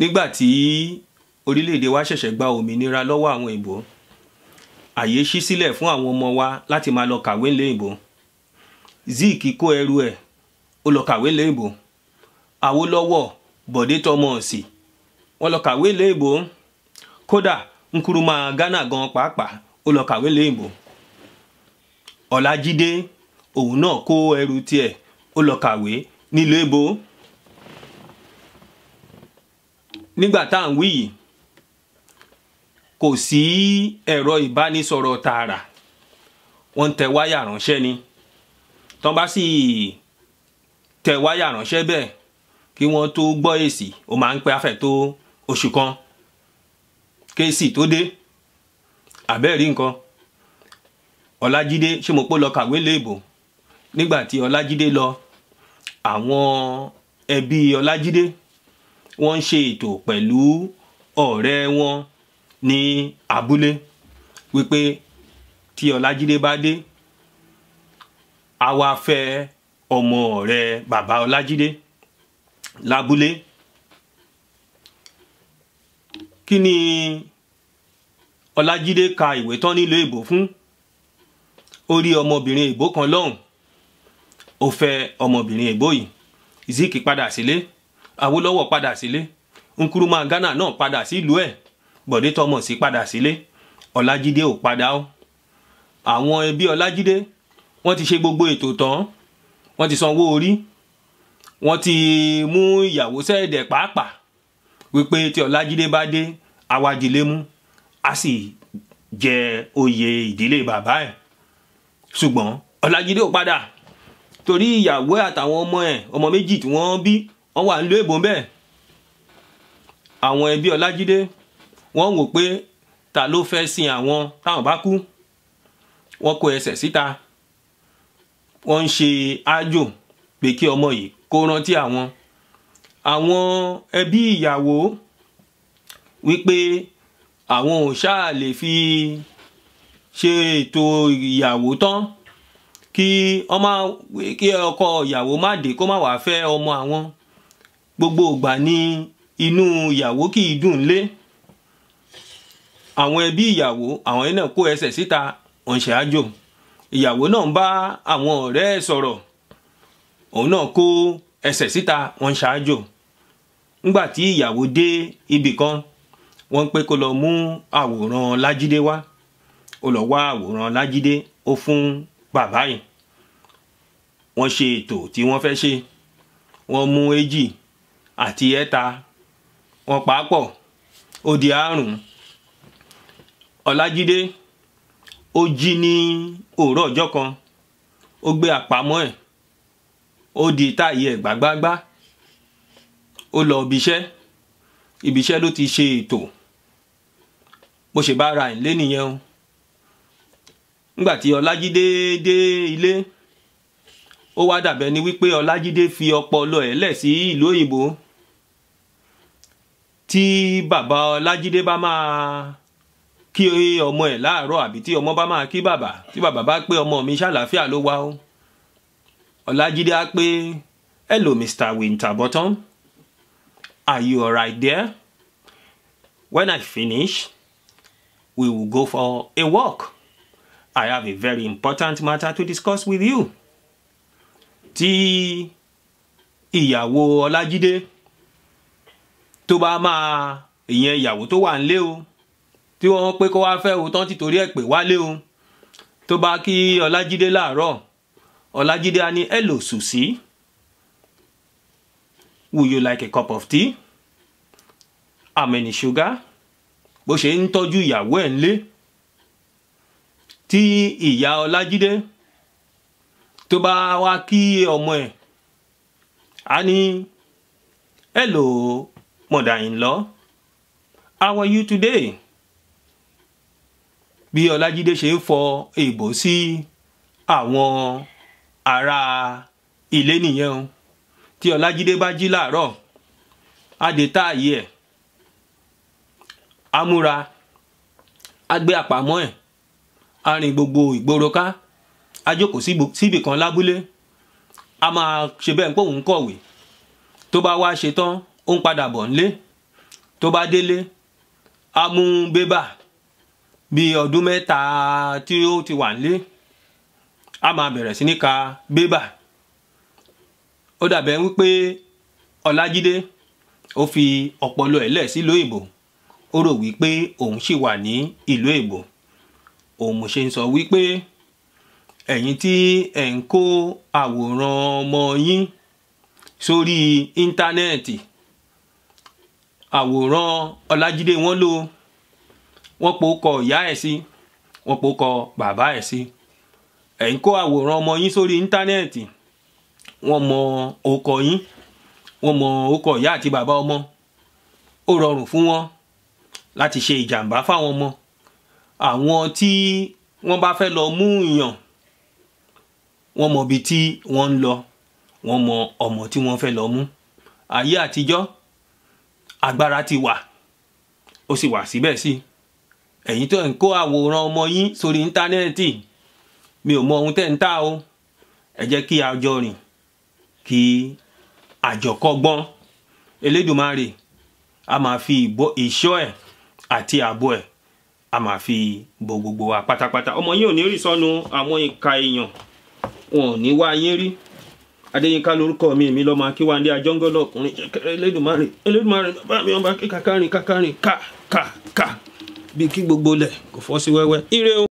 nígbà tí orílẹ̀-èdè wa ṣẹ̀ṣẹ̀ gba òmìnira lọ́wọ́ àwọn òyìnbó àyè ṣí sílẹ̀ fún àwọn ọmọ wa láti máa lọ kàwé ńlẹ̀ òyìnbó Zik kó ẹrù ẹ̀ ó lọ kàwé ńlẹ̀ òyìnbó Awólọ́wọ̀ Bọ̀dé Tọmọọ̀sì wọ́n lọ kàwé ńlẹ̀ òyìnbó kódà Nkrumah Ghana gan pàápàá ó lọ kàwé ńlẹ̀ òyìnbó Ọlájídé òun náà kó ẹrù tiẹ̀ ó lọ kàwé nílùú èbó nígbà tá à ń wí yìí kò sí ẹ̀rọ ìbánisọ̀rọ̀ tààrà wọ́n ń tẹ wáyà ránṣẹ́ ni tán bá sì tẹ wáyà ránṣẹ́ bẹ́ẹ̀ kí wọ́n tó gbọ́ èsì ó máa ń pẹ́ afẹ́ tó oṣù kan kéèsì tó dé àbẹ́ẹ̀rí nǹkan ọlájídé ṣé mo pọ́ lọ kàwé léèbò nígbà tí ọlájídé lọ àwọn ẹbí ọlájídé wọ́n ń ṣe ètò pẹ̀lú ọ̀rẹ́ wọn ní abúlé wípé tí ọlájídé bá dé a wá fẹ́ ọmọ ọ̀rẹ́ bàbá ọlájídé lábúlé kí ni ọlájídé ka ìwé tán nílò ìbò fún ó rí ọmọbìnrin ìbò kan lọ́hùn ó fẹ́ ọmọbìnrin ìbò yìí zik padà sílé. Si Awólọ́wọ̀ padà sílé Nkrumah Ghana náà padà sílùú ẹ̀ Bọ̀dé Thomas padà sílé Ọlájídé ò padà ó àwọn ẹbí Ọlájídé wọ́n ti ṣe gbogbo ètò tán wọ́n ti sanwó orí wọ́n ti mú ìyàwó sẹ́ẹ̀dẹ̀ pàápàá wípé tí Ọlájídé bá dé awájílé mú a sì jẹ oyè ìdílé bàbá ẹ̀ ṣùgbọ́n Ọlájídé ò padà torí ìyàwó àtàwọn ọmọ ẹ̀ ọmọ méjì tí wọ́n bí wọ́n wà nílùú èbó bẹ́ẹ̀ àwọn ẹbí ọlájídé wọ́n wò pé ta ló fẹ́ sin àwọn táwọn bá kú wọ́n kó ẹsẹ̀ síta wọ́n ń ṣe ájò pé kí ọmọ yìí kó rántí àwọn àwọn ẹbí ìyàwó wípé àwọn ò ṣáà lè fi ṣe ètò ìyàwó tán kí ọkọ ìyàwó má dé kó má wàá fẹ́ ọmọ àwọn gbogbo ìgbà ni inú ìyàwó kì í dùn lé àwọn ẹbí ìyàwó àwọn náà kó ẹsẹ̀ síta wọ́n ṣe àjò ìyàwó náà ń bá àwọn ọ̀rẹ́ ẹ̀ sọ̀rọ̀ òun náà kó ẹsẹ̀ síta wọ́n ṣe àjò ńgbà tí ìyàwó dé ibì kan wọ́n pé kó lọ mú àwòrán Lájídé wá ó lọ wá àwòrán Lájídé ó fún bàbá yìí wọ́n ṣe ètò tí wọ́n fẹ́ ṣe wọ́n mú èjì àti ẹ̀ta wọ́n pàápọ̀ ó di àrùn ọlájídé ó jí ní òwúrọ̀ ọjọ́ kan ó gbé àpamọ́ ẹ̀ ó di táyé ẹ̀ gbágbágbá ó lọ ibiṣẹ́ ibiṣẹ́ ló ti ṣe ètò mo ṣe bá ra ìlé nìyẹn o nígbàtí ọlájídé dé ilé ó wá dàbẹ ni wípé ọlájídé fi ọpọlọ ẹ̀ lẹ̀ sí ìlú òyìnbó tí bàbá ọlájídé bá máa kí ọmọ ẹ̀ láàárọ̀ àbí tí ọmọ bá máa kí bàbá tí bàbá bá pé ọmọ mi ṣàlàáfíà ló wá o ọlájídé á pé hello mr Winter Button are you alright there when i finish we will go for a walk. I have a very important matter to discuss with you. Tí ìyàwó Ọlájídé tó bá máa ìyẹn ìyàwó tó wà nílé o tí wọ́n pé kó wá fẹ́ o tán ti torí ẹ̀ pé wálé o tó bá kí ọlájídé láàárọ̀ ọlájídé á ní hello Susi would you like a cup of tea how many sugar bó ṣe ń tọ́jú ìyàwó ẹ̀ ńlé tí ìyá ọlájídé tó bá wá kí ọmọ ẹ̀ á ní hello mother-in-law how are you today? bí Ọlájídé ṣe ń fọ èèbò sí àwọn ará ilé nìyẹn o tí Ọlájídé bá jí láàárọ̀ adètá ààyè ẹ̀ amúra agbé àpamọ́ ẹ̀ arìn gbogbo ìgboro ká ajókòó síbì kan lábúlé a máa ṣe bẹ́ẹ̀ pé òun kọ̀wé tó bá wá ṣe ó ń padà bọ̀ nílé tó bá délé á mú bébà bíi ọdún mẹ́ta tí ó ti wà nílé á máa bẹ̀rẹ̀ sí ní ka bébà ó dàbẹ̀ wípé Ọlájídé ó fi ọpọlọ ẹ̀ lẹ̀ sílùú òyìnbó ó rò wípé òun sì wà ní ìlú èbó òun ṣe ń sọ wípé ẹ̀yin tí ẹ̀ ń kó àwòrán ọmọ yín sórí íńtánẹ́ẹ̀tì àwòrán ọlájídé wọn lò wọn po kọ ìyá ẹ̀ sí wọn po kọ bàbá ẹ̀ sí ẹ̀ ń kó àwòrán ọmọ yín sórí íńtánẹ́ẹ̀tì wọ́n mọ ọkọ yín wọ́n mọ ọkọ ìyá àti bàbá ọmọ ó rọrùn fún wọn láti ṣe ìjàmbá fáwọn ọmọ àwọn tí wọ́n bá fẹ́ lọ mú yàn wọ́n mọ ibi tí wọ́n ń lọ wọ́n mọ ọmọ tí wọ́n fẹ́ lọ mú ayé àtijọ́ agbára ti wà ó sì wà síbẹ̀ sí ẹ̀yin tó ń kó àwòrán ọmọ yín sórí íńtánẹ́ẹ̀tì mi ò mọ ohun tẹ́ ń tà o ẹ jẹ́ kí a jọ rìn kí àjọkọ́gbọ́n Elédùmarè a máa fi ìṣọ́ ẹ̀ àti ààbò ẹ̀ a máa fi bo gbogbo wa pátápátá ọmọ yín ò ní rí sọnù àwọn ìka èèyàn wọn ò ní wá yín rí adéyínká lórúkọ mi mi lọ́mọ akíwáńdé ajọ́ngọ́lọ́ ọkùnrin jẹkẹrẹ elédùnmárin elédùnmárin bàbá mi ọba kíkàkárìn kàkárìn ká ká ká bí kí gbogbo lẹ̀ kò fọ́ sí wẹ́wẹ́ ire o.